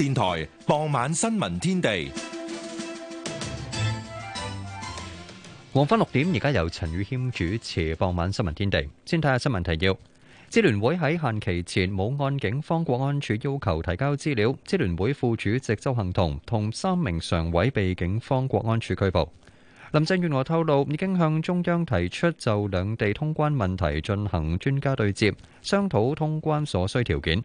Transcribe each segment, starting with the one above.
電台傍晚新聞天地，黃昏六點，而家由陳宇謙主持傍晚新聞天地。先睇下新聞提要。支聯會喺限期前冇按警方國安處要求提交資料，支聯會副主席鄒幸彤同三名常委被警方國安處拘捕。林鄭月娥透露，已經向中央提出就兩地通關問題進行專家對接，商討通關所需條件。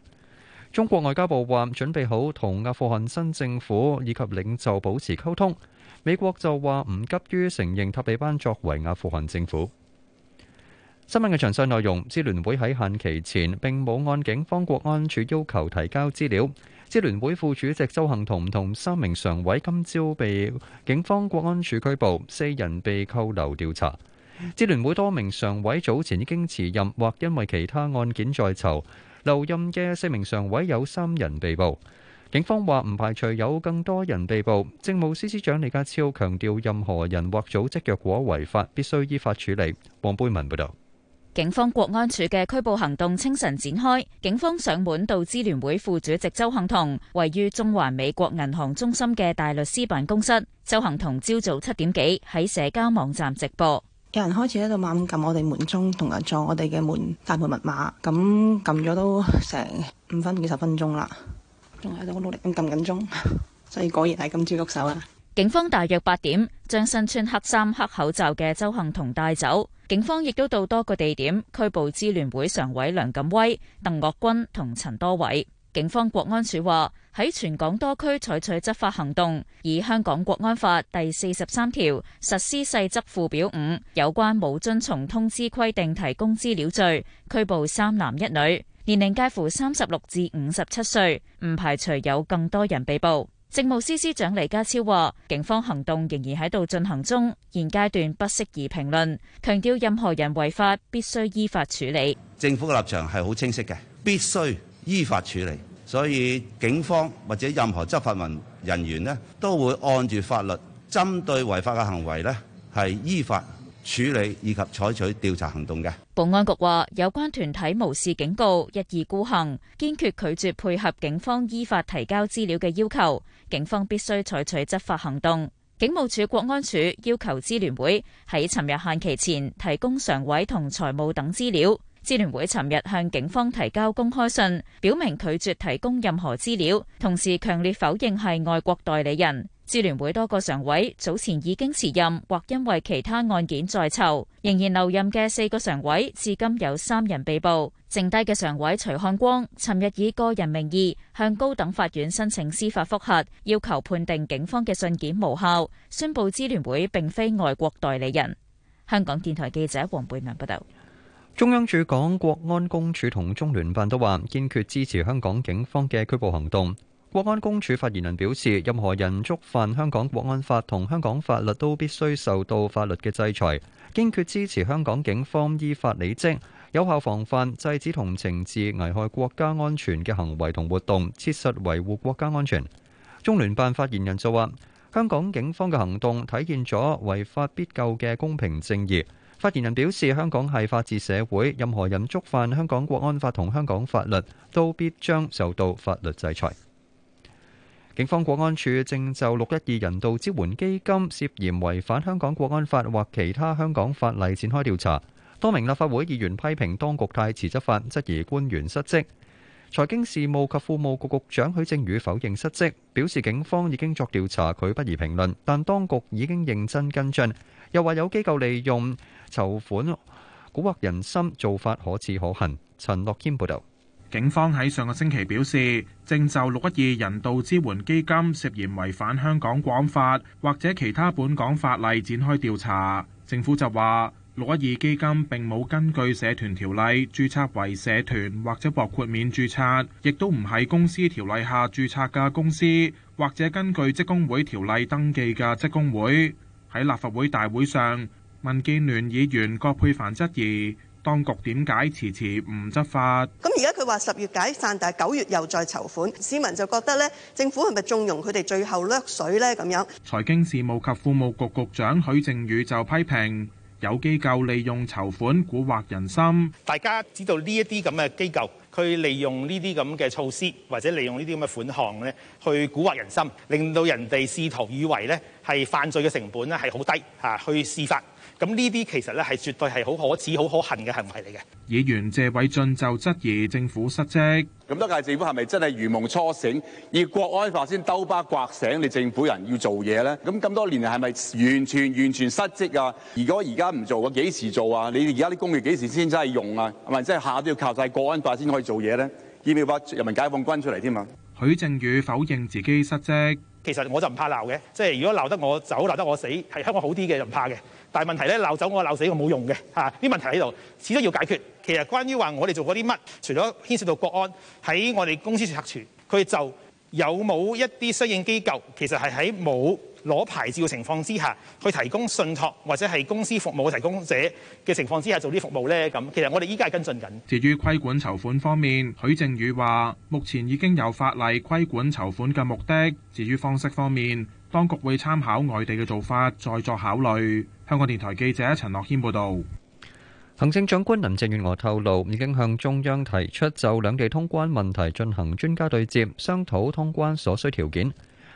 中國外交部話準備好同阿富汗新政府以及領袖保持溝通。美國就話唔急於承認塔利班作為阿富汗政府。新聞嘅詳細內容，支聯會喺限期前並冇按警方國安處要求提交資料。支聯會副主席鄒幸彤同三名常委今朝被警方國安處拘捕，四人被扣留調查。支聯會多名常委早前已經辭任，或因為其他案件在囚。留任嘅四名常委有三人被捕，警方話唔排除有更多人被捕。政務司司長李家超強調，任何人或組織若果違法，必須依法處理。黃貝文報道，警方國安處嘅拘捕行動清晨展開，警方上門到支聯會副主席周幸彤位於中環美國銀行中心嘅大律師辦公室。周幸彤朝早七點幾喺社交網站直播。有人開始喺度猛撳我哋門鐘，同埋撞我哋嘅門大門密碼。咁撳咗都成五分幾十分鐘啦，仲喺度努力咁撳緊鐘。所以果然係今朝喐手啊！警方大約八點將身穿黑衫、黑口罩嘅鄒幸彤帶走。警方亦都到多個地點拘捕支聯會常委梁錦威、鄧岳君同陳多偉。警方國安處話喺全港多區採取執法行動，以《香港國安法》第四十三條實施細則附表五有關冇遵從通知規定提供資料罪，拘捕三男一女，年齡介乎三十六至五十七歲，唔排除有更多人被捕。政務司司長李家超話，警方行動仍然喺度進行中，現階段不適宜評論，強調任何人違法必須依法處理。政府嘅立場係好清晰嘅，必須。依法處理，所以警方或者任何執法人員都會按住法律，針對違法嘅行為咧，係依法處理以及採取調查行動嘅。保安局話：有關團體無視警告，一意孤行，堅決拒絕配合警方依法提交資料嘅要求，警方必須採取執法行動。警務處國安處要求支聯會喺尋日限期前提供常委同財務等資料。支聯會尋日向警方提交公開信，表明拒絕提供任何資料，同時強烈否認係外國代理人。支聯會多個常委早前已經辭任，或因為其他案件在囚。仍然留任嘅四個常委，至今有三人被捕。剩低嘅常委徐漢光，尋日以個人名義向高等法院申請司法覆核，要求判定警方嘅信件無效，宣布支聯會並非外國代理人。香港電台記者黃貝文報道。中央駐港國安公署同中聯辦都話，堅決支持香港警方嘅拘捕行動。國安公署發言人表示，任何人觸犯香港國安法同香港法律，都必須受到法律嘅制裁。堅決支持香港警方依法履職，有效防範制止同懲治危害國家安全嘅行為同活動，切實維護國家安全。中聯辦發言人就話，香港警方嘅行動體現咗違法必究嘅公平正義。發言人表示，香港係法治社會，任何人觸犯香港國安法同香港法律，都必將受到法律制裁。警方國安處正就六一二人道支援基金涉嫌違反香港國安法或其他香港法例展開調查。多名立法會議員批評當局太遲執法，質疑官員失職。財經事務及庫務局局長許正宇否認失職，表示警方已經作調查，佢不宜評論，但當局已經認真跟進。又話有機構利用籌款，蠱惑人心做法可恥可恨。陳樂謙報導，警方喺上個星期表示，正就六一二人道支援基金涉嫌違反香港《國安法》或者其他本港法例展開調查。政府就話，六一二基金並冇根據社團條例註冊為社團或者獲豁免註冊，亦都唔係公司條例下註冊嘅公司，或者根據職工會條例登記嘅職工會。喺立法會大會上，民建聯議員郭佩凡質疑當局點解遲遲唔執法。咁而家佢話十月解散，但係九月又再籌款，市民就覺得咧，政府係咪縱容佢哋最後掠水咧？咁樣。財經事務及庫務局局長許正宇就批評有機構利用籌款蠱惑人心。大家知道呢一啲咁嘅機構，佢利用呢啲咁嘅措施或者利用呢啲咁嘅款項咧，去蠱惑人心，令到人哋試圖以為咧。係犯罪嘅成本咧係好低嚇、啊，去施法咁呢啲其實咧係絕對係好可恥、好可恨嘅行為嚟嘅。議員謝偉俊就質疑政府失職。咁多屆政府係咪真係如夢初醒，而國安法先兜巴刮醒你政府人要做嘢咧？咁咁多年嚟係咪完全完全失職啊？如果而家唔做嘅幾時做啊？你哋而家啲工具幾時先真係用啊？係咪真係下都要靠晒國安法先可以做嘢咧？要唔要召人民解放軍出嚟添啊！許正宇否認自己失職。其實我就不怕罵的，即是如果罵得我走，罵得我死，是香港好點的就不怕的。但問題呢，罵走我、罵死我，我沒有用的哈、啊、這問題在這裏始終要解決。其實關於話我們做過些什麼，除了牽涉到國安，在我們公司拆除他們就有冇一啲相應機構其實係喺冇攞牌照嘅情況之下，去提供信託或者係公司服務嘅提供者嘅情況之下做啲服務呢？咁其實我哋依家係跟進緊。至於規管籌款方面，許正宇話：目前已經有法例規管籌款嘅目的。至於方式方面，當局會參考外地嘅做法，再作考慮。香港電台記者陳樂軒報導。行政長官林鄭月娥透露，已經向中央提出就兩地通關問題進行專家對接，商討通關所需條件。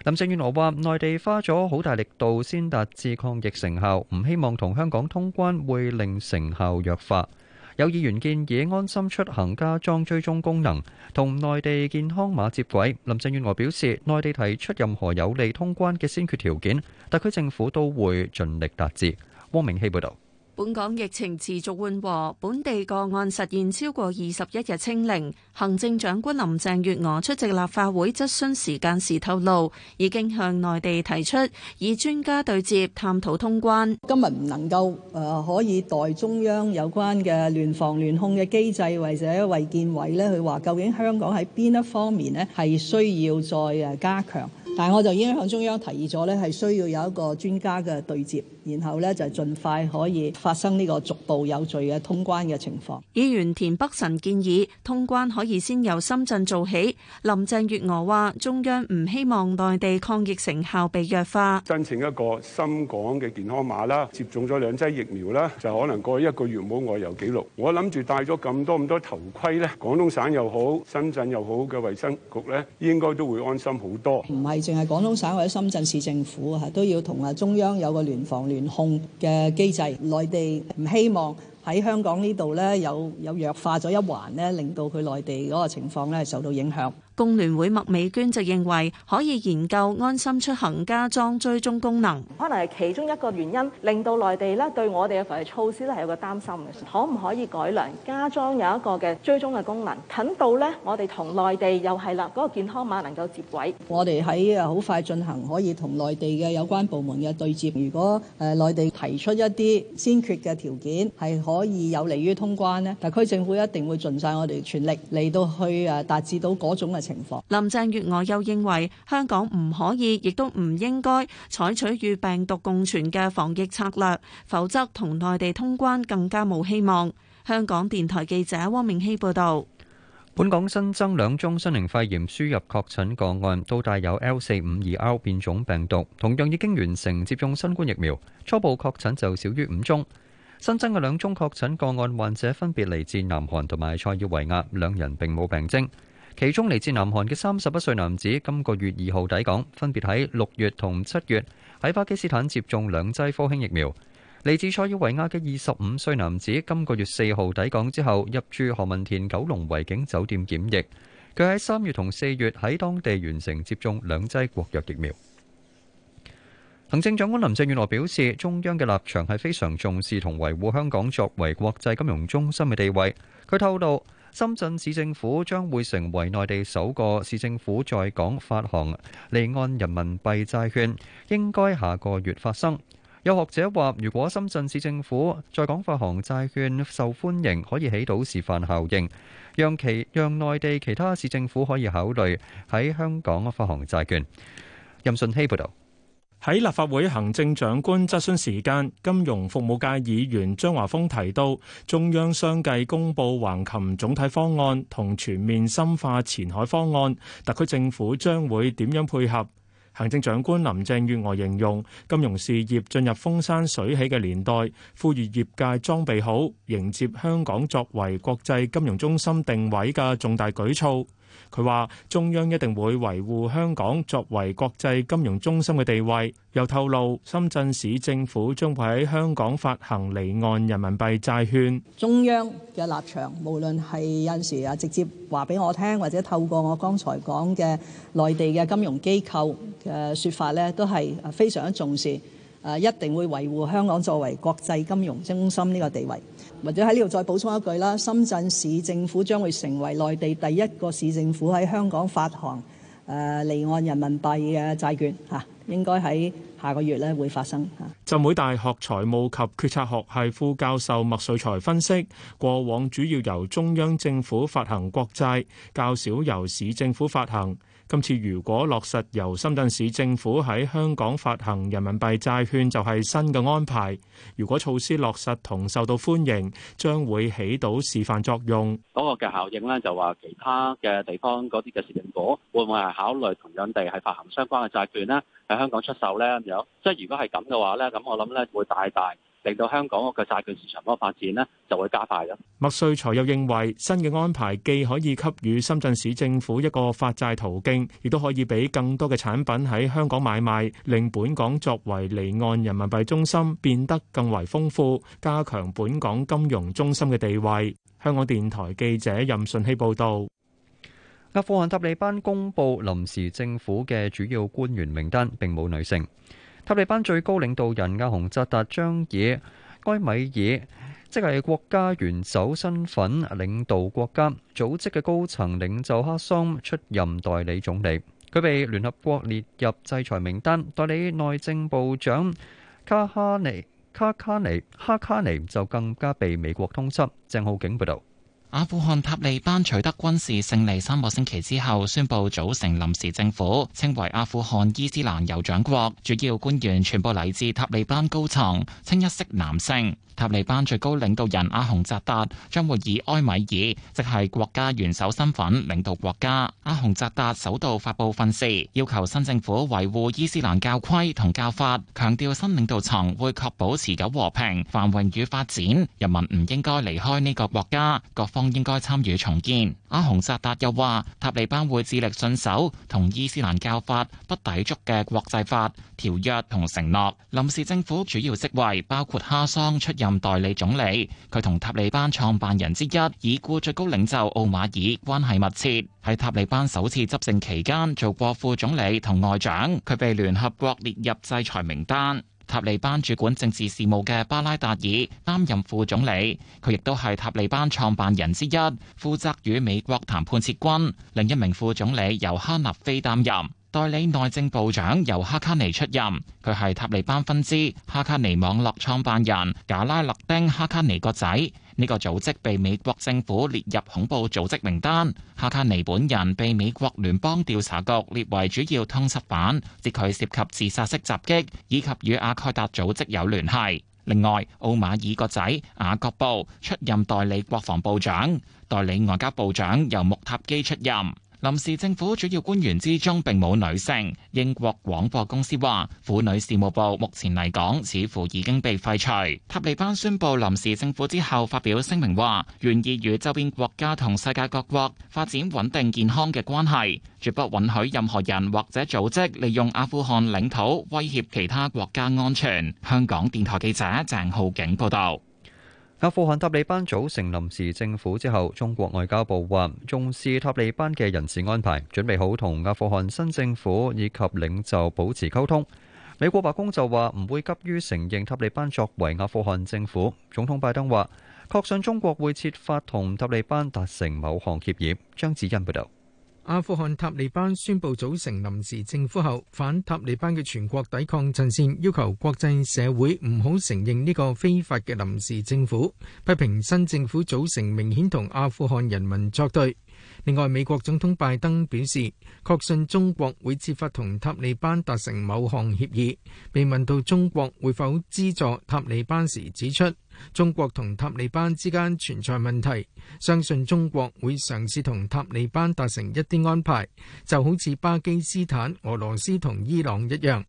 林鄭月娥話，內地花咗好大力度先達至抗疫成效，唔希望同香港通關會令成效弱化。有議員建議安心出行加裝追蹤功能，同內地健康碼接軌。林鄭月娥表示，內地提出任何有利通關嘅先決條件，特區政府都會盡力達至。汪明希報道。本港疫情持續緩和，本地個案實現超過二十一日清零。行政長官林鄭月娥出席立法會質詢時間時透露，已經向內地提出以專家對接探討通關。今日唔能夠誒可以代中央有關嘅聯防聯控嘅機制，或者衞健委呢？佢話究竟香港喺邊一方面呢？係需要再誒加強。但係我就已經向中央提議咗咧，係需要有一個專家嘅對接，然後咧就盡快可以發生呢個逐步有序嘅通關嘅情況。議員田北辰建議通關可以先由深圳做起。林鄭月娥話中央唔希望內地抗疫成效被弱化。申請一個深港嘅健康碼啦，接種咗兩劑疫苗啦，就可能過一個月冇外遊記錄。我諗住戴咗咁多咁多頭盔咧，廣東省又好，深圳又好嘅衛生局咧，應該都會安心好多，唔係。淨係廣東省或者深圳市政府嚇都要同啊中央有個聯防聯控嘅機制，內地唔希望喺香港呢度咧有有弱化咗一環咧，令到佢內地嗰個情況咧受到影響。工聯會麥美娟就認為可以研究安心出行加裝追蹤功能，可能係其中一個原因，令到內地呢對我哋嘅防疫措施係有個擔心嘅，可唔可以改良加裝有一個嘅追蹤嘅功能，等到呢，我哋同內地又係啦，嗰個健康碼能夠接軌，我哋喺啊好快進行可以同內地嘅有關部門嘅對接，如果誒內地提出一啲先決嘅條件，係可以有利於通關呢，特區政府一定會盡晒我哋全力嚟到去、啊、達至到嗰種嘅。林鄭月娥又認為，香港唔可以，亦都唔應該採取與病毒共存嘅防疫策略，否則同內地通關更加冇希望。香港電台記者汪明希報導，本港新增兩宗新型肺炎輸入確診個案，都帶有 L 四五二 R 變種病毒，同樣已經完成接種新冠疫苗。初步確診就少於五宗，新增嘅兩宗確診個案患者分別嚟自南韓同埋塞爾維亞，兩人並冇病徵。其中嚟自南韓嘅三十一歲男子今個月二號抵港，分別喺六月同七月喺巴基斯坦接種兩劑科興疫苗；嚟自塞爾維亞嘅二十五歲男子今個月四號抵港之後，入住何文田九龍維景酒店檢疫，佢喺三月同四月喺當地完成接種兩劑國藥疫苗。行政長官林鄭月娥表示，中央嘅立場係非常重視同維護香港作為國際金融中心嘅地位。佢透露。深圳市政府將會成為內地首個市政府在港發行離岸人民幣債券，應該下個月發生。有學者話，如果深圳市政府在港發行債券受歡迎，可以起到示範效應，讓其讓內地其他市政府可以考慮喺香港發行債券。任信希報道。喺立法會行政長官質詢時間，金融服務界議員張華峰提到，中央相繼公布橫琴總體方案同全面深化前海方案，特區政府將會點樣配合？行政長官林鄭月娥形容金融事業進入風生水起嘅年代，呼籲業界裝備好，迎接香港作為國際金融中心定位嘅重大舉措。佢話中央一定會維護香港作為國際金融中心嘅地位，又透露深圳市政府將會喺香港發行離岸人民幣債券。中央嘅立場，無論係有陣時啊，直接話俾我聽，或者透過我剛才講嘅內地嘅金融機構嘅説法咧，都係非常重視，誒，一定會維護香港作為國際金融中心呢個地位。或者喺呢度再補充一句啦，深圳市政府將會成為內地第一個市政府喺香港發行誒離岸人民幣嘅債券吓，應該喺下個月咧會發生嚇。浸會大學財務及決策學系副教授麥瑞才分析，過往主要由中央政府發行國債，較少由市政府發行。今次如果落實由深圳市政府喺香港發行人民幣債券，就係新嘅安排。如果措施落實同受到歡迎，將會起到示範作用。嗰個嘅效應咧，就話其他嘅地方嗰啲嘅市政府，會唔會係考慮同樣地係發行相關嘅債券咧？喺香港出售咧咁樣，即係如果係咁嘅話咧，咁我諗咧會大大。令到香港嘅債券市場嘅發展咧，就會加快咯。麥瑞才又認為，新嘅安排既可以給予深圳市政府一個發債途徑，亦都可以俾更多嘅產品喺香港買賣，令本港作為離岸人民幣中心變得更為豐富，加強本港金融中心嘅地位。香港電台記者任順熙報道。阿富汗塔利班公布臨時政府嘅主要官員名單，並冇女性。塔利班最高領導人阿洪扎達將以埃米爾，即係國家元首身份領導國家，組織嘅高層領袖哈桑出任代理總理。佢被聯合國列入制裁名單。代理內政部長卡哈尼卡卡尼哈卡尼就更加被美國通緝。鄭浩景報道。阿富汗塔利班取得軍事勝利三個星期之後宣布組成臨時政府，稱為阿富汗伊斯蘭酋長國，主要官員全部嚟自塔利班高層，清一色男性。塔利班最高領導人阿洪扎達將會以埃米爾，即係國家元首身份領導國家。阿洪扎達首度發佈訓示，要求新政府維護伊斯蘭教規同教法，強調新領導層會確保持久和平、繁榮與發展，人民唔應該離開呢個國家，各方。應該參與重建。阿洪扎達又話，塔利班會致力信守同伊斯蘭教法不抵觸嘅國際法條約同承諾。臨時政府主要職位包括哈桑出任代理總理，佢同塔利班創辦人之一已故最高領袖奧馬爾關係密切，喺塔利班首次執政期間做過副總理同外長，佢被聯合國列入制裁名單。塔利班主管政治事務嘅巴拉達爾擔任副總理，佢亦都係塔利班創辦人之一，負責與美國談判撤軍，另一名副總理由哈納菲擔任。代理內政部長由哈卡尼出任，佢係塔利班分支哈卡尼網絡創辦人賈拉勒丁哈卡尼個仔。呢個組織被美國政府列入恐怖組織名單，哈卡尼本人被美國聯邦調查局列為主要通緝犯，指佢涉及自殺式襲擊以及與阿蓋達組織有聯繫。另外，奧馬爾個仔雅各布出任代理國防部長，代理外交部長由穆塔基出任。臨時政府主要官員之中並冇女性。英國廣播公司話，婦女事務部目前嚟講似乎已經被廢除。塔利班宣布臨時政府之後，發表聲明話，願意與周邊國家同世界各國發展穩定健康嘅關係，絕不允許任何人或者組織利用阿富汗領土威脅其他國家安全。香港電台記者鄭浩景報道。阿富汗塔利班組成臨時政府之後，中國外交部話重視塔利班嘅人事安排，準備好同阿富汗新政府以及領袖保持溝通。美國白宮就話唔會急於承認塔利班作為阿富汗政府。總統拜登話確信中國會設法同塔利班達成某項協議。張子欣報道。阿富汗塔利班宣布組成臨時政府後，反塔利班嘅全國抵抗陣線要求國際社會唔好承認呢個非法嘅臨時政府，批評新政府組成明顯同阿富汗人民作對。另外，美國總統拜登表示，確信中國會設法同塔利班達成某項協議。被問到中國會否資助塔利班時，指出。中國同塔利班之間存在問題，相信中國會嘗試同塔利班達成一啲安排，就好似巴基斯坦、俄羅斯同伊朗一樣。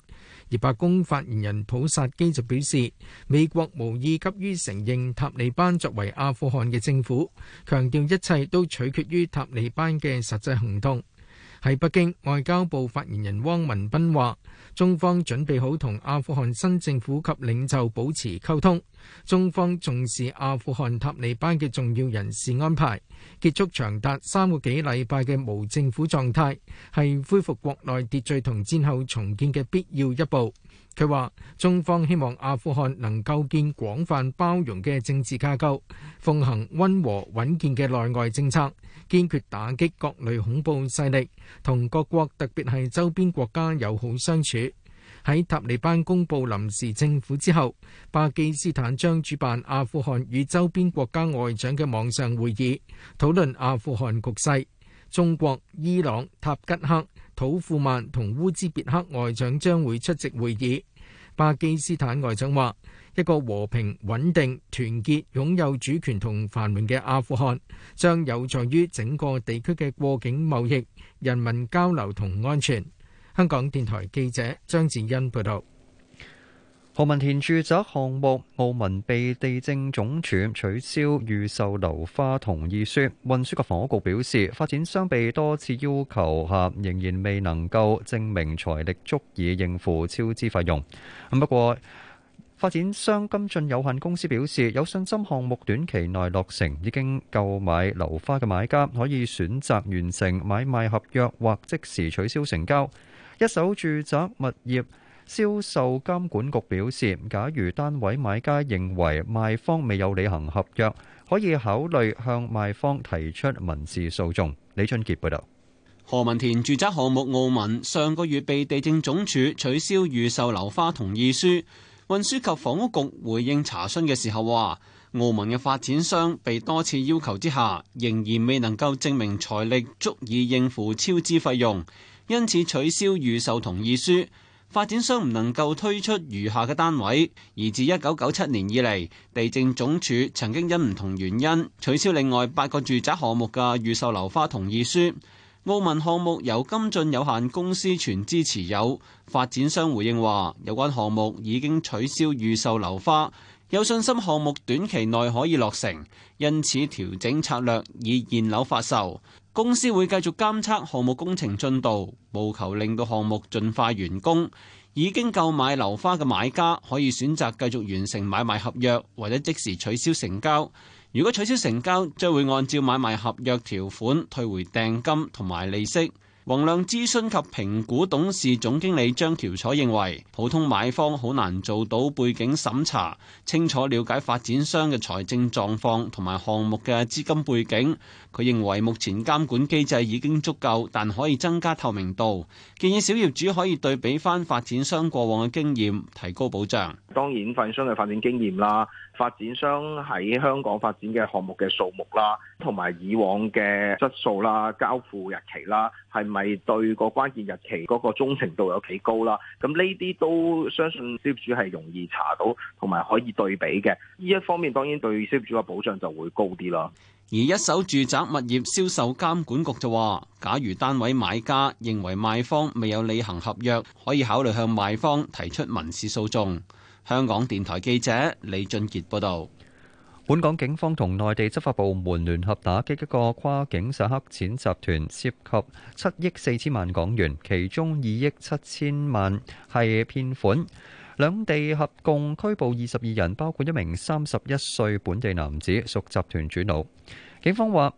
而白宮發言人普薩基就表示，美國無意急於承認塔利班作為阿富汗嘅政府，強調一切都取決於塔利班嘅實際行動。喺北京，外交部發言人汪文斌話，中方準備好同阿富汗新政府及領袖保持溝通。中方重視阿富汗塔利班嘅重要人事安排，結束長達三個幾禮拜嘅無政府狀態，係恢復國內秩序同戰後重建嘅必要一步。佢話：中方希望阿富汗能夠建廣泛包容嘅政治架構，奉行溫和穩健嘅內外政策，堅決打擊各類恐怖勢力，同各國特別係周邊國家友好相處。喺塔利班公布臨時政府之後，巴基斯坦將主辦阿富汗與周邊國家外長嘅網上會議，討論阿富汗局勢。中國、伊朗、塔吉克、土庫曼同烏茲別克外長將會出席會議。巴基斯坦外長話：一個和平、穩定、團結、擁有主權同繁榮嘅阿富汗，將有助於整個地區嘅過境貿易、人民交流同安全。香港電台記者張志恩報道。何文田住宅項目，澳門被地政總署取消預售樓花同意書。運輸及房屋局表示，發展商被多次要求下，仍然未能夠證明財力足以應付超支費用。咁不過，發展商金進有限公司表示有信心項目短期內落成，已經購買樓花嘅買家可以選擇完成買賣合約或即時取消成交。一手住宅物業銷售監管局表示，假如單位買家認為賣方未有履行合約，可以考慮向賣方提出民事訴訟。李春杰報道。何文田住宅項目澳門上個月被地政總署取消預售樓花同意書。運輸及房屋局回應查詢嘅時候話，澳門嘅發展商被多次要求之下，仍然未能夠證明財力足以應付超支費用，因此取消預售同意書。發展商唔能夠推出餘下嘅單位，而自一九九七年以嚟，地政總署曾經因唔同原因取消另外八個住宅項目嘅預售樓花同意書。澳門項目由金進有限公司全資持有。發展商回應話：有關項目已經取消預售樓花，有信心項目短期內可以落成，因此調整策略以現樓發售。公司會繼續監測項目工程進度，務求令到項目盡快完工。已經購買樓花嘅買家可以選擇繼續完成買賣合約或者即時取消成交。如果取消成交，將會按照買賣合約條款退回訂金同埋利息。宏亮諮詢及評估董事總經理張喬楚認為普通買方好難做到背景審查，清楚了解發展商嘅財政狀況同埋項目嘅資金背景。佢認為目前監管機制已經足夠，但可以增加透明度。建議小業主可以對比翻發展商過往嘅經驗，提高保障。當然，發展商嘅發展經驗啦，發展商喺香港發展嘅項目嘅數目啦，同埋以往嘅質素啦、交付日期啦，係咪對個關鍵日期嗰個忠誠度有幾高啦？咁呢啲都相信小業主係容易查到，同埋可以對比嘅。呢一方面當然對小業主嘅保障就會高啲啦。而一手住宅物業銷售監管局就話，假如單位買家認為賣方未有履行合約，可以考慮向賣方提出民事訴訟。香港電台記者李俊杰報道，本港警方同內地執法部門聯合打擊一個跨境洗黑錢集團，涉及七億四千萬港元，其中二億七千萬係騙款。兩地合共拘捕二十二人，包括一名三十一歲本地男子，屬集團主腦。警方話，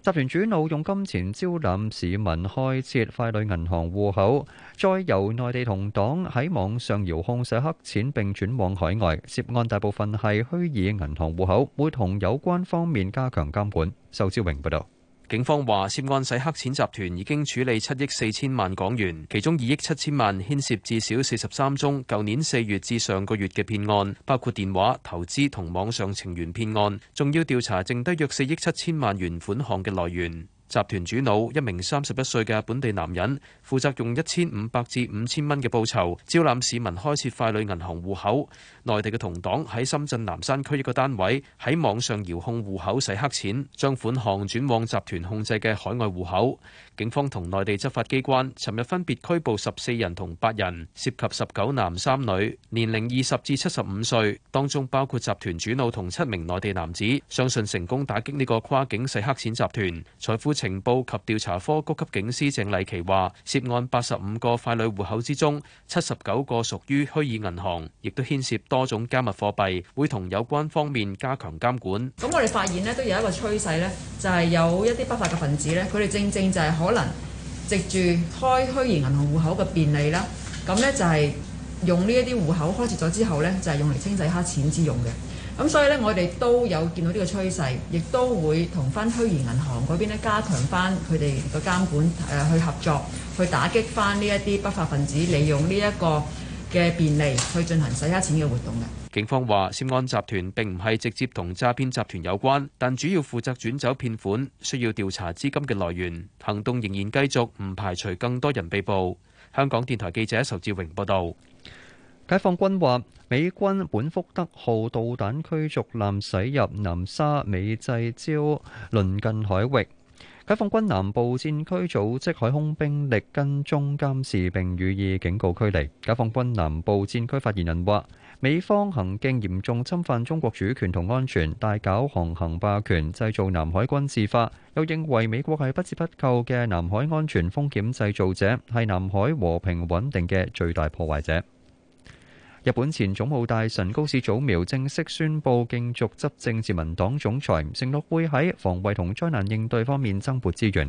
集團主腦用金錢招攬市民開設傀儡銀行戶口，再由內地同黨喺網上遙控洗黑錢並轉往海外。涉案大部分係虛擬銀行戶口，會同有關方面加強監管。仇志榮報導。警方話：涉案洗黑錢集團已經處理七億四千萬港元，其中二億七千萬牽涉至少四十三宗舊年四月至上個月嘅騙案，包括電話投資同網上情緣騙案，仲要調查剩低約四億七千萬元款項嘅來源。集團主腦一名三十一歲嘅本地男人，負責用一千五百至五千蚊嘅報酬，招攬市民開設傀儡銀行戶口。內地嘅同黨喺深圳南山區一個單位，喺網上遙控戶口洗黑錢，將款項轉往集團控制嘅海外戶口。警方同內地執法機關尋日分別拘捕十四人同八人，涉及十九男三女，年齡二十至七十五歲，當中包括集團主腦同七名內地男子。相信成功打擊呢個跨境洗黑錢集團。財富情報及調查科高級警司鄭麗琪話，涉案八十五個傀儡戶口之中，七十九個屬於虛擬銀行，亦都牽涉多種加密貨幣，會同有關方面加強監管。咁我哋發現呢，都有一個趨勢呢，就係、是、有一啲不法嘅分子呢，佢哋正正就係可能藉住開虛擬銀行戶口嘅便利啦，咁呢就係用呢一啲戶口開設咗之後呢，就係用嚟清洗黑錢之用嘅。咁所以呢，我哋都有見到呢個趨勢，亦都會同翻虛擬銀行嗰邊加強翻佢哋個監管誒、呃，去合作去打擊翻呢一啲不法分子利用呢一個嘅便利去進行洗黑錢嘅活動嘅。警方話，涉案集團並唔係直接同詐騙集團有關，但主要負責轉走騙款，需要調查資金嘅來源。行動仍然繼續，唔排除更多人被捕。香港電台記者仇志榮報導。解放軍話，美軍本福德號導彈驅逐艦駛入南沙美濟礁鄰近海域。解放軍南部戰區組織海空兵力跟蹤監視，並予以警告驅離。解放軍南部戰區發言人話：美方行徑嚴重侵犯中國主權同安全，大搞航行霸權，製造南海軍事化。又認為美國係不折不扣嘅南海安全風險製造者，係南海和平穩定嘅最大破壞者。日本前總務大臣高市早苗正式宣布競逐執政自民黨總裁，承諾會喺防衞同災難應對方面增撥資源。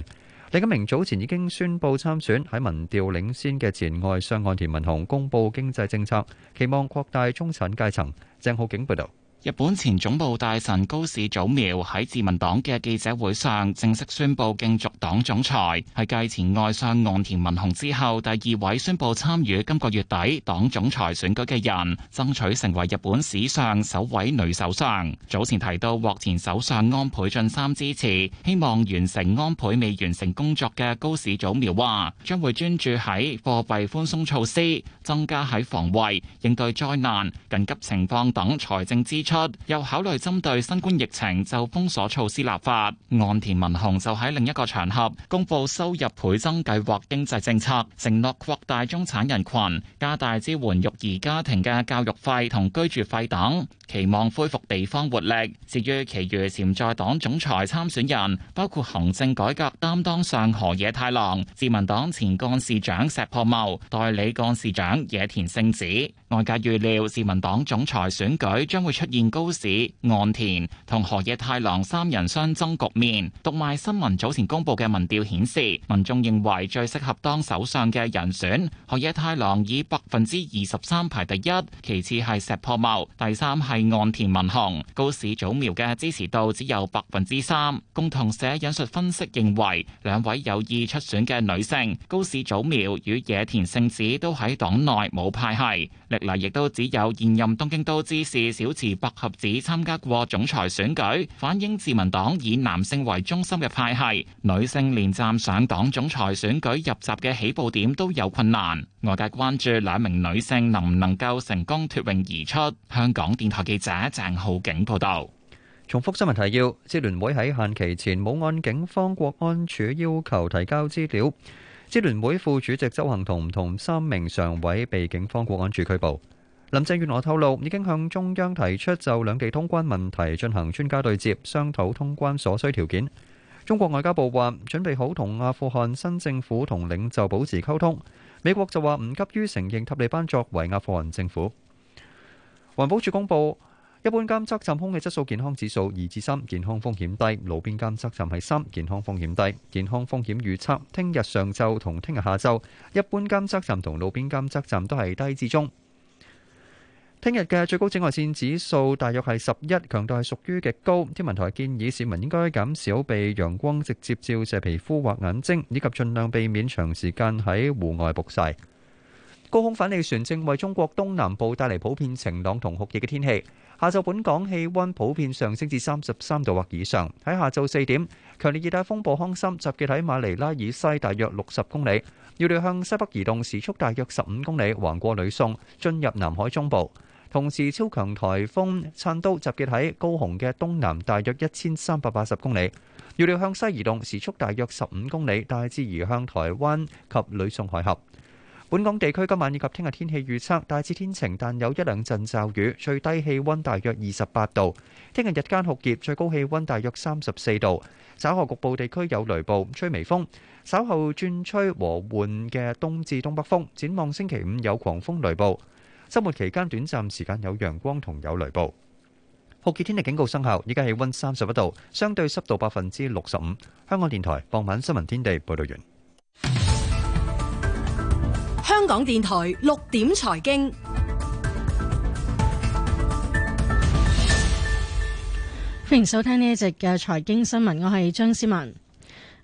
李金明早前已經宣布參選，喺民調領先嘅前外相岸田文雄公布經濟政策，期望擴大中產階層。鄭浩景報道。日本前總部大臣高市早苗喺自民黨嘅記者會上正式宣布競逐黨總裁，係繼前外相岸田文雄之後第二位宣佈參與今個月底黨總裁選舉嘅人，爭取成為日本史上首位女首相。早前提到獲前首相安倍晉三支持，希望完成安倍未完成工作嘅高市早苗話，將會專注喺貨幣寬鬆措施，增加喺防衛、應對災難、緊急情況等財政支出。又考慮針對新冠疫情就封鎖措施立法。岸田文雄就喺另一個場合公布收入倍增計劃經濟政策，承諾擴大中產人群，加大支援育兒家庭嘅教育費同居住費等，期望恢復地方活力。至於其餘潛在黨總裁參選人，包括行政改革擔當上河野太郎、自民黨前幹事長石破茂、代理幹事長野田聖子。外界預料自民黨總裁選舉將會出現高市、岸田同河野太郎三人相爭局面。讀賣新聞早前公佈嘅民調顯示，民眾認為最適合當首相嘅人選，河野太郎以百分之二十三排第一，其次係石破茂，第三係岸田文雄。高市早苗嘅支持度只有百分之三。共同社引述分析認為，兩位有意出選嘅女性，高市早苗與野田聖子都喺黨內冇派系。歷嚟亦都只有現任東京都知事小池百合子參加過總裁選舉，反映自民黨以男性為中心嘅派系，女性連站上黨總裁選舉入閘嘅起步點都有困難。外界關注兩名女性能唔能夠成功脱穎而出。香港電台記者鄭浩景報道。重複新聞提要，支聯會喺限期前冇按警方國安處要求提交資料。支聯會副主席鄒幸彤同三名常委被警方國安處拘捕。林鄭月娥透露，已經向中央提出就兩地通關問題進行專家對接，商討通關所需條件。中國外交部話，準備好同阿富汗新政府同領袖保持溝通。美國就話唔急於承認塔利班作為阿富汗政府。環保署公布。一般監測站空氣質素健康指數二至三，健康風險低；路邊監測站係三，健康風險低。健康風險預測：聽日上晝同聽日下晝，一般監測站同路邊監測站都係低至中。聽日嘅最高紫外線指數大約係十一，強度係屬於極高。天文台建議市民應該減少被陽光直接照射皮膚或眼睛，以及盡量避免長時間喺戶外曝曬。高空反氣旋正為中國東南部帶嚟普遍晴朗同酷熱嘅天氣。下晝本港，本港地區今晚以及聽日天，天氣預測大致天晴，但有一兩陣驟雨，最低氣温大約二十八度。聽日日間酷熱，最高氣温大約三十四度。稍後局部地區有雷暴，吹微風。稍後轉吹和緩嘅東至東北風。展望星期五有狂風雷暴。周末期間短暫時間有陽光同有雷暴。酷熱天氣警告生效，依家氣温三十一度，相對濕度百分之六十五。香港電台傍晚新聞天地報導完。香港電台六點財經，歡迎收聽呢一節嘅財經新聞。我係張思文。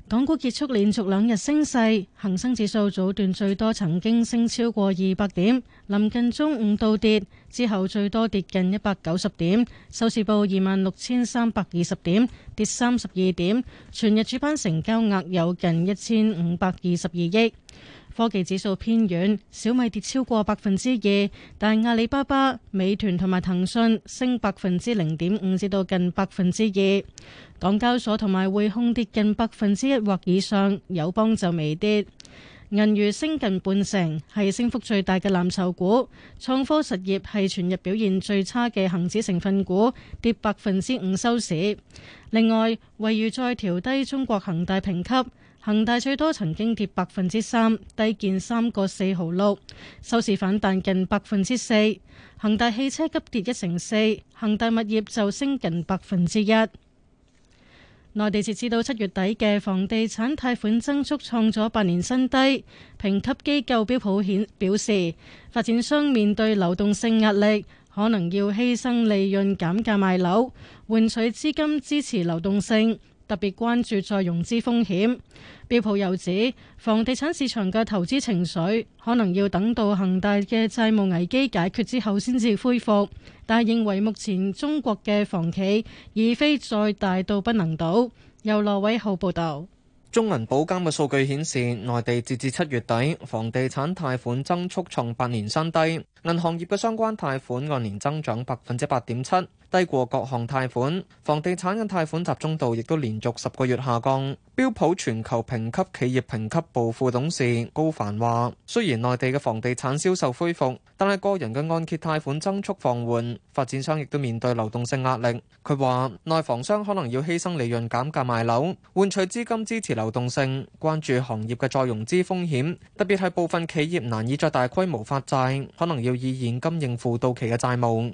港股結束連續兩日升勢，恒生指數早段最多曾經升超過二百點，臨近中午倒跌之後，最多跌近一百九十點，收市報二萬六千三百二十點，跌三十二點。全日主板成交額有近一千五百二十二億。科技指數偏軟，小米跌超過百分之二，但阿里巴巴、美團同埋騰訊升百分之零點五至到近百分之二。港交所同埋匯控跌近百分之一或以上，友邦就微跌。銀娛升近半成，係升幅最大嘅藍籌股。創科實業係全日表現最差嘅恒指成分股，跌百分之五收市。另外，惠譽再調低中國恒大評級。恒大最多曾經跌百分之三，低見三個四毫六，收市反彈近百分之四。恒大汽車急跌一成四，恒大物業就升近百分之一。內地截至到七月底嘅房地產貸款增速創咗八年新低，評級機構標普顯表示，發展商面對流動性壓力，可能要犧牲利潤減價賣樓，換取資金支持流動性。特別關注再融資風險。標普又指，房地產市場嘅投資情緒可能要等到恒大嘅債務危機解決之後先至恢復，但係認為目前中國嘅房企已非再大到不能倒。由羅偉豪報道，中銀保監嘅數據顯示，內地截至七月底，房地產貸款增速創八年新低，銀行業嘅相關貸款按年增長百分之八點七。低過各項貸款，房地產嘅貸款集中度亦都連續十個月下降。標普全球評級企業評級部副董事高凡話，雖然內地嘅房地產銷售恢復，但係個人嘅按揭貸款增速放緩，發展商亦都面對流動性壓力。佢話，內房商可能要犧牲利潤減價賣樓，換取資金支持流動性。關注行業嘅再融資風險，特別係部分企業難以再大規模發債，可能要以現金應付到期嘅債務。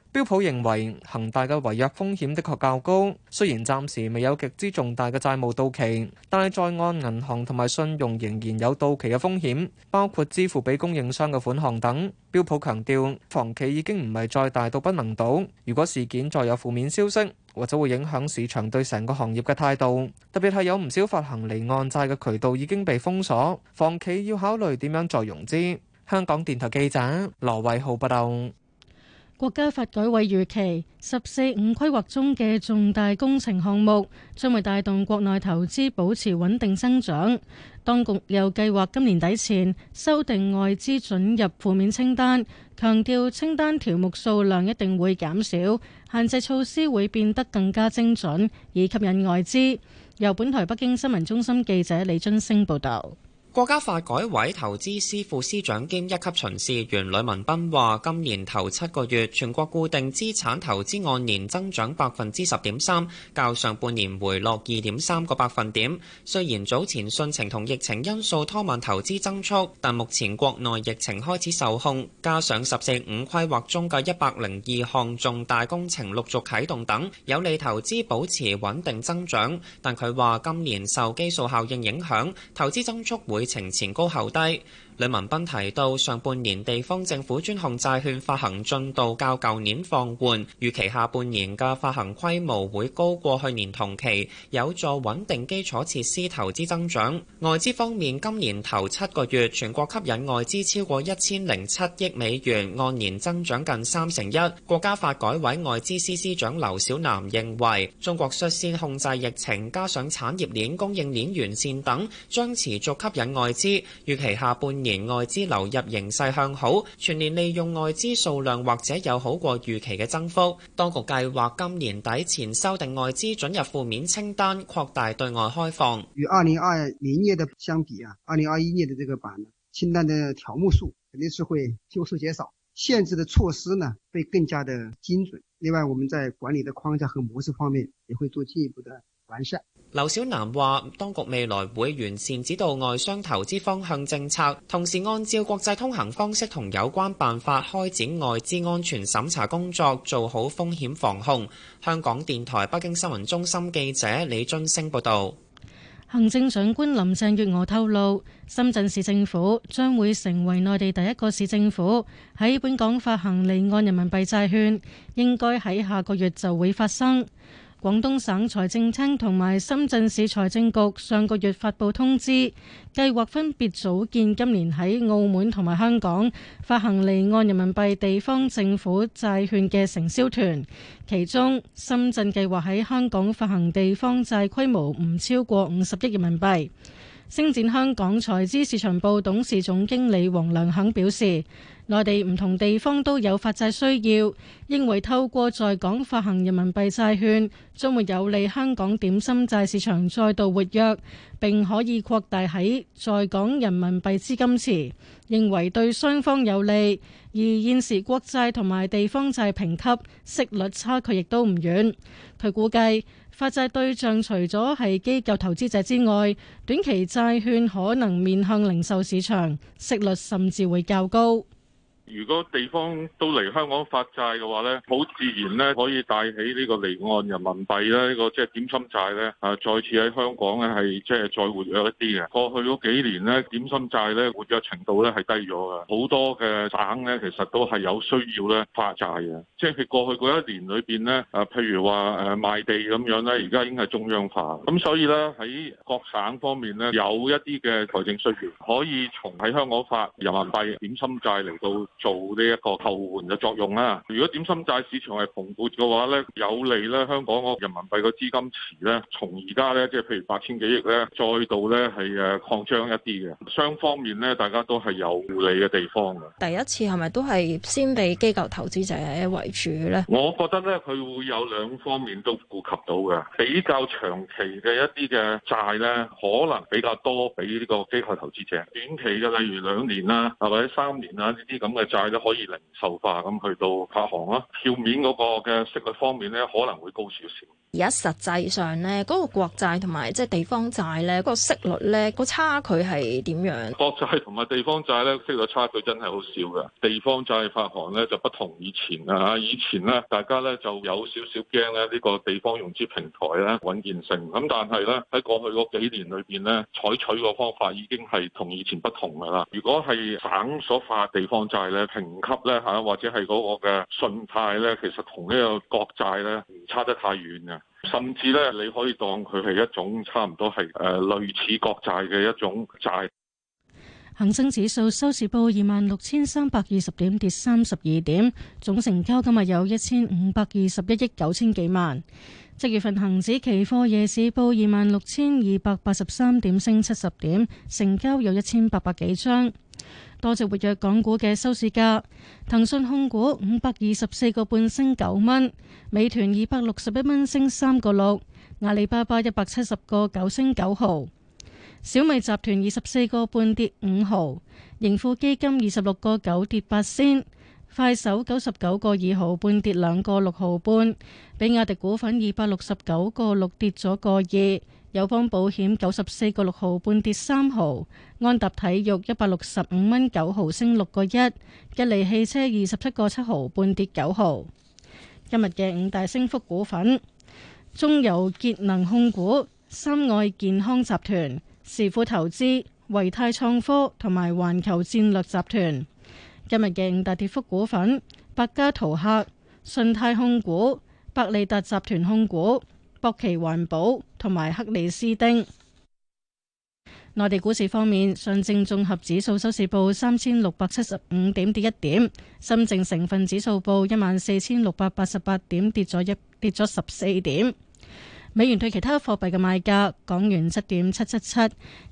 標普認為恒大嘅違約風險的確較高，雖然暫時未有極之重大嘅債務到期，但係在岸銀行同埋信用仍然有到期嘅風險，包括支付俾供應商嘅款項等。標普強調，房企已經唔係再大到不能倒，如果事件再有負面消息，或者會影響市場對成個行業嘅態度，特別係有唔少發行離岸債嘅渠道已經被封鎖，房企要考慮點樣再融資。香港電台記者羅偉浩報道。國家發改委預期十四五規劃中嘅重大工程項目將會帶動國內投資保持穩定增長。當局又計劃今年底前修訂外資准入負面清單，強調清單條目數量一定會減少，限制措施會變得更加精準，以吸引外資。由本台北京新聞中心記者李津升報道。國家發改委投資司副司長兼一級巡視員呂文斌話：今年頭七個月，全國固定資產投資按年增長百分之十點三，較上半年回落二點三個百分點。雖然早前汛情同疫情因素拖慢投資增速，但目前國內疫情開始受控，加上「十四五」規劃中嘅一百零二項重大工程陸續啟動等，有利投資保持穩定增長。但佢話今年受基數效應影響，投資增速會疫前，前高後低。李文斌提到，上半年地方政府專項債券發行進度較舊年放緩，預期下半年嘅發行規模會高過去年同期，有助穩定基礎設施投資增長。外資方面，今年頭七個月全國吸引外資超過一千零七億美元，按年增長近三成一。國家發改委外資司司長劉小南認為，中國率先控制疫情，加上產業鏈供應鏈完善等，將持續吸引外資。預期下半年。年外資流入形勢向好，全年利用外資數量或者有好過預期嘅增幅。當局計劃今年底前修訂外資準入負面清單，擴大對外開放。與二零二零年嘅相比啊，二零二一年嘅這個版清單的條目數肯定是會有所減少，限制的措施呢會更加的精準。另外，我們在管理的框架和模式方面也會做進一步的完善。劉小南話：當局未來會完善指導外商投資方向政策，同時按照國際通行方式同有關辦法開展外資安全審查工作，做好風險防控。香港電台北京新聞中心記者李俊升報道。行政長官林鄭月娥透露，深圳市政府將會成為內地第一個市政府喺本港發行離岸人民幣債券，應該喺下個月就會發生。廣東省財政廳同埋深圳市財政局上個月發布通知，計劃分別組建今年喺澳門同埋香港發行離岸人民幣地方政府債券嘅承銷團，其中深圳計劃喺香港發行地方債規模唔超過五十億人民幣。Sênh 展香港財資市場部董事總經理黃良肯表示，內地唔同地方都有發債需要，認為透過在港發行人民幣債券，將會有利香港點心債市場再度活躍，並可以擴大喺在港人民幣資金池，認為對雙方有利，而現時國債同埋地方債評級息率差距亦都唔遠。佢估計。發債對象除咗係機構投資者之外，短期債券可能面向零售市場，息率甚至會較高。如果地方都嚟香港發債嘅話，呢好自然呢可以帶起呢個離岸人民幣咧，呢個即係點心債呢，啊，再次喺香港呢，係即係再活躍一啲嘅。過去嗰幾年呢，點心債呢活躍程度呢，係低咗嘅。好多嘅省呢，其實都係有需要呢發債嘅，即係佢過去嗰一年裏邊呢，譬如話賣地咁樣呢，而家已經係中央化。咁所以呢，喺各省方面呢，有一啲嘅財政需要，可以從喺香港發人民幣點心債嚟到。做呢一個購換嘅作用啦、啊。如果點心債市場係蓬勃嘅話，呢有利咧香港個人民幣個資金池呢，從而家呢，即係譬如八千幾億呢，再度呢係誒擴張一啲嘅。雙方面呢，大家都係有互利嘅地方嘅。第一次係咪都係先俾機構投資者為主呢？我覺得呢，佢會有兩方面都顧及到嘅。比較長期嘅一啲嘅債呢，可能比較多俾呢個機構投資者。短期嘅，例如兩年啦、啊，或者三年啦呢啲咁嘅。這債都可以零售化咁去到發行啦。票面嗰個嘅息率方面咧可能會高少少。而家實際上咧，嗰、那個國債同埋即係地方債咧，嗰、那個息率咧、那個差距係點樣？國債同埋地方債咧息率差距真係好少嘅。地方債發行咧就不同以前啦嚇，以前咧大家咧就有少少驚咧呢個地方融資平台咧穩健性。咁但係咧喺過去嗰幾年裏邊咧採取個方法已經係同以前不同㗎啦。如果係省所發嘅地方債。評級呢，吓，或者係嗰個嘅信貸呢，其實同呢個國債呢，唔差得太遠啊！甚至呢，你可以當佢係一種差唔多係誒類似國債嘅一種債。恒生指數收市報二萬六千三百二十點，跌三十二點，總成交今日有一千五百二十一億九千幾萬。即月份恒指期貨夜市報二萬六千二百八十三點，升七十點，成交有一千八百幾張。多隻活躍港股嘅收市價騰訊控股五百二十四個半升九蚊，美團二百六十一蚊升三個六，阿里巴巴一百七十個九升九毫，小米集團二十四個半跌五毫，盈富基金二十六個九跌八仙，快手九十九個二毫半跌兩個六毫半，比亞迪股份二百六十九個六跌咗個二。友邦保險九十四個六毫半跌三毫，安踏體育一百六十五蚊九毫升六個一，吉利汽車二十七個七毫半跌九毫。今日嘅五大升幅股份：中油潔能控股、深愛健康集團、時富投資、維泰創科同埋環球戰略集團。今日嘅五大跌幅股份：百家淘客、信泰控股、百利達集團控股。博奇環保同埋克里斯丁。內地股市方面，上證綜合指數收市報三千六百七十五點，跌一點；深證成分指數報一萬四千六百八十八點，跌咗一跌咗十四點。美元兌其他貨幣嘅賣價：港元七點七七七，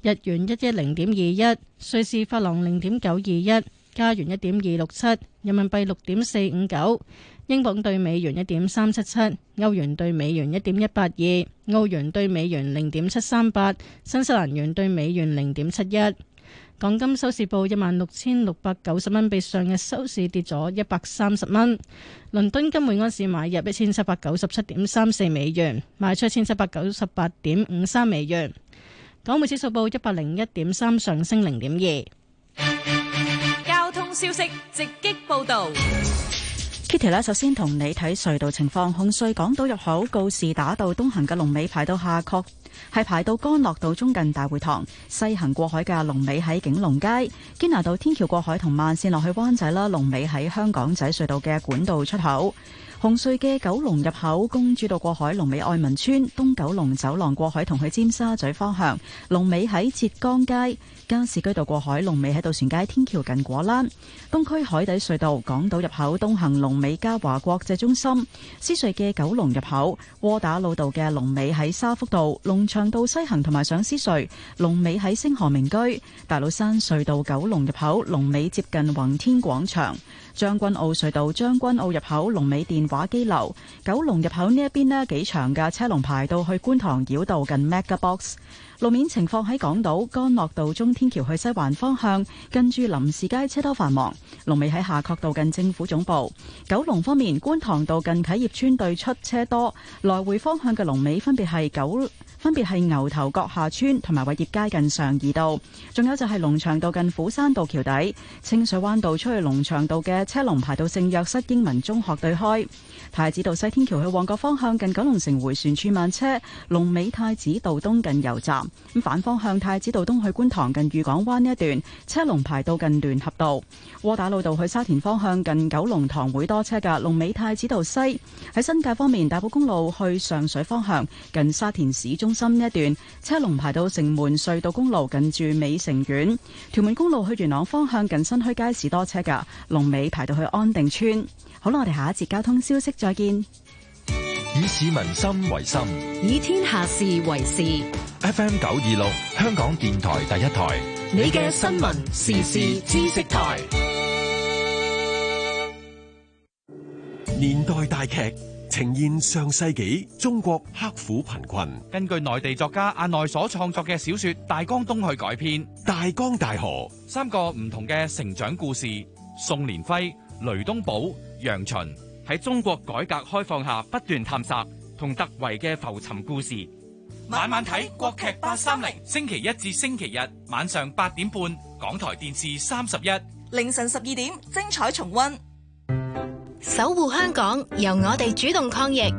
日元一一零點二一，瑞士法郎零點九二一，加元一點二六七，人民幣六點四五九。英鎊對美元一點三七七，歐元對美元一點一八二，澳元對美元零點七三八，新西蘭元對美元零點七一。港金收市報一萬六千六百九十蚊，比上日收市跌咗一百三十蚊。倫敦金每安士買入一千七百九十七點三四美元，賣出一千七百九十八點五三美元。港匯指數報一百零一點三，上升零點二。交通消息直擊報道。Kitty 首先同你睇隧道情況。紅隧港島入口告士打道東行嘅龍尾排到下角，係排到干諾道中近大會堂；西行過海嘅龍尾喺景隆街堅拿道天橋過海同慢線落去灣仔啦，龍尾喺香港仔隧道嘅管道出口。紅隧嘅九龍入口，公主道過海，龍尾愛民村；東九龍走廊過海，同去尖沙咀方向。龍尾喺浙江街，加士居道過海，龍尾喺渡船街天橋近果欄。東區海底隧道港島入口東行，龍尾嘉華國際中心。獅隧嘅九龍入口，窩打老道嘅龍尾喺沙福道，龍翔道西行同埋上獅隧，龍尾喺星河名居。大老山隧道九龍入口，龍尾接近宏天廣場。將軍澳隧道將軍澳入口，龍尾電話機樓。九龍入口這呢一邊咧，幾長嘅車龍排到去觀塘繞道近 MegaBox。路面情況喺港島干諾道中天橋去西環方向，跟住林士街車多繁忙。龍尾喺下確道近政府總部。九龍方面，觀塘道近啟業村對出車多，來回方向嘅龍尾分別係九分別牛頭角下村同埋偉業街近上二道。仲有就係龍翔道近虎山道橋底，清水灣道出去龍翔道嘅車龍排到聖約瑟英文中學對開。太子道西天橋去旺角方向近九龍城回旋處慢車，龍尾太子道東近油站。咁反方向太子道東去觀塘近御港灣呢一段車龍排到近聯合道，窩打老道去沙田方向近九龍塘會多車噶，龍尾太子道西。喺新界方面，大埔公路去上水方向近沙田市中心呢一段車龍排到城門隧道公路近住美城苑，屯門公路去元朗方向近新墟街市多車噶，龍尾排到去安定村。好啦，我哋下一節交通消息再見。市民心為心，以天下事為事。FM 九二六，香港電台第一台，你嘅新聞時事知識台。年代大劇呈現上世紀中國刻苦貧困，根據內地作家阿耐所創作嘅小說《大江東去》改編，《大江大河》三個唔同嘅成長故事：宋連輝、雷東寶、楊巡。喺中國改革開放下不斷探索同突圍嘅浮沉故事，晚晚睇國劇八三零，星期一至星期日晚上八點半，港台電視三十一，凌晨十二點精彩重溫。守護香港，由我哋主動抗疫。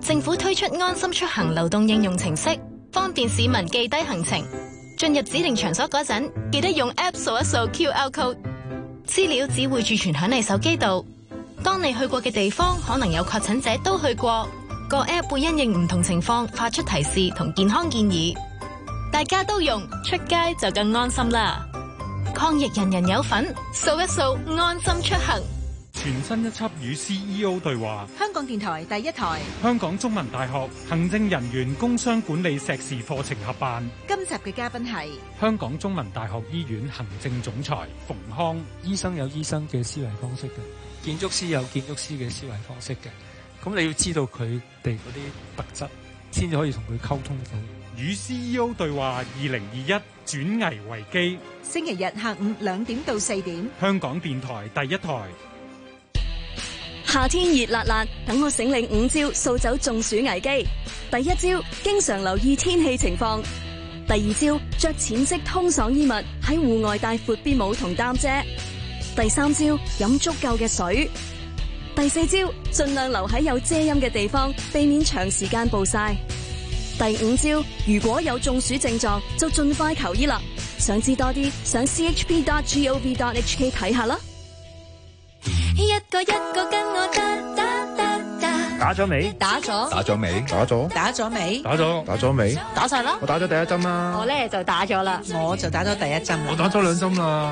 政府推出安心出行流動應用程式，方便市民記低行程，進入指定場所嗰陣記得用 app 掃一掃 QR code，資料只會儲存響你手機度。當你去過嘅地方可能有確診者都去過，個 app 會因應唔同情況發出提示同健康建議，大家都用，出街就更安心啦。抗疫人人有份，掃一掃安心出行。全新一輯與 CEO 對話，香港電台第一台，香港中文大學行政人員工商管理碩士課程合辦。今集嘅嘉賓係香港中文大學醫院行政總裁馮康醫生，有醫生嘅思維方式嘅。建築師有建築師嘅思維方式嘅，咁你要知道佢哋嗰啲特質，先至可以同佢溝通到。與 CEO 對話二零二一轉危為機，星期日下午兩點到四點，香港電台第一台。夏天熱辣辣，等我醒領五招掃走中暑危機。第一招，經常留意天氣情況；第二招，着淺色通爽衣物，喺戶外帶闊邊帽同擔遮。第三招，飲足夠嘅水，第四招盡量留喺有遮陰嘅地方，避免長時間暴曬。第五招，如果有中暑症狀，就盡快求醫啦。想知多啲，上 chp.gov.hk 睇下啦。一個一個跟我打打打打，打咗未？打咗，打咗未？打咗，打咗未？打咗，打咗未？打晒啦！我打咗第一針啦。我咧就打咗啦，我就打咗第一針啦。我打咗兩針啦。